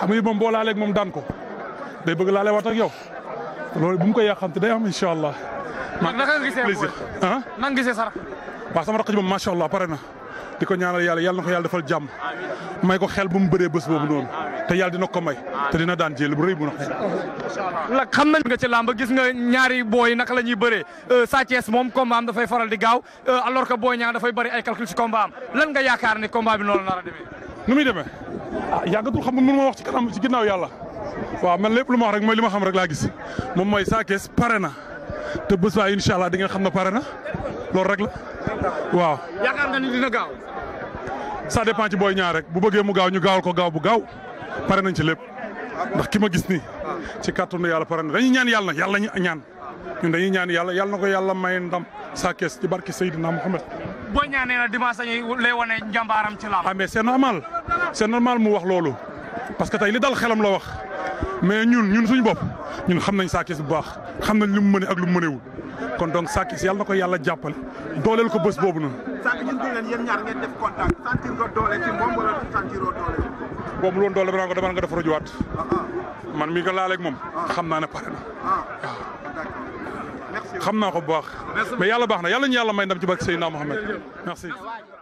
xam nga moom boo moom daan ko day bëgg laale waat yow loolu bu mu koy yàqante day am incha allah. man naka nga gisee plaisir ah nan nga gisee sarax. waaw sama rakk ji moom macha allah pare na di ko ñaanal yàlla yàlla ko yàlla defal jàmm may ko xel bu mu bëree bés boobu noonu te yàlla dina ko may dina daan jël bu bu na xel. lak xam nañ nga ci làmb gis nga ñaari booy naka la ñuy bëree euh, Sa moom combat dafay faral di gaaw euh, alors que booy ñaar dafay bëri ay calcul ci combat lan nga yaakaar ni combat bi noonu la nar a demee. nu muy demee ah yàggatul xam mun ma wax ci kanam ci ginnaaw yàlla waaw man lépp lu ma wax rek mooy li ma xam rek laa gis moom mooy Sa Thiès pare na te bés ba incha allah di xam ne pare na loolu rek la waaw. yaakaar nga ni dina gaaw. ça dépend booy ñaar rek bu bëggee mu gaaw ñu gaawal ko gaaw bu gaaw pare nañ ci lépp ndax ki ma gis nii ci kàttanu yàlla pare na dañuy ñaan yàlla yàlla ñu ñaan ñun dañuy ñaan yàlla yàlla na ko yàlla may ndam Sa Thiès ci barke Seydina Mohamed. Boy Niang nee na dimanche dañuy lay wane njàmbaaram ci làmb. ah seen c'est normal c'est normal mu wax loolu parce que tey li dal xelam la wax mais ñun ñun suñu bopp ñun xam nañ Sa bu baax xam nañ lu mu mëne ak lu mu mënewul kon donc Sa Thiès na ko yàlla jàppale dooleel ko bés boobu noonu. sànq ñun dégg ngeen yéen ñaar ngeen def contact nga doole ci moom nga ko demal ah, ah. man mii nga laaleeg moom ah. xam naa ne pare na xam naa ko bu baax mais yàlla baax na yàlla ñu yàlla may ndam ci barke Seydina Mohamed merci